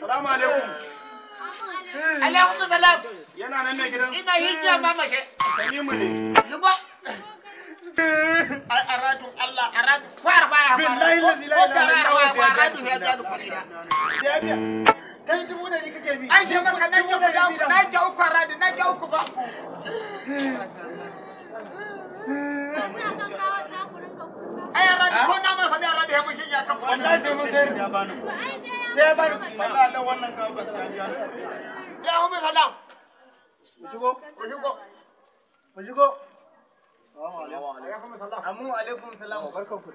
Salamu alaikum. Alaikum salam. Yana nan mai gidan. Ina hijira ba mace. ne. Zuba. aradun Allah aradun far baya fara. Billahi la ilaha illa Allah. Aradun ya jalu kwaliya. Jabiya. Kai dubu da ni kake bi. Ai ke maka na ke guda uku ke uku aradun na ke uku ba. Eh. ko na masa ne aradun ya mushi sai ba da wannan kafin sariya ya hu mai ku shigo ku shigo ku shigo Amu alaikum salam. Barkan ku.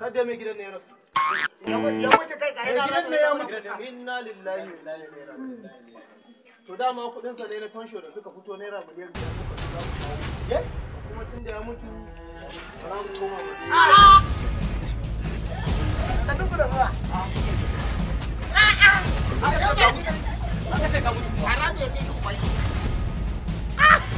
Kada mai gidan ne ya rasu. Ya mutu kai kare da. Gidan ne ya mutu. Inna lillahi wa inna ilaihi raji'un. Hmm. To dama kuɗin sa ne na fansho da suka fito naira miliyan biyar suka fito. Kuma tun da ya mutu. Salamu kuti garabe yekuti kubaisa. Ah!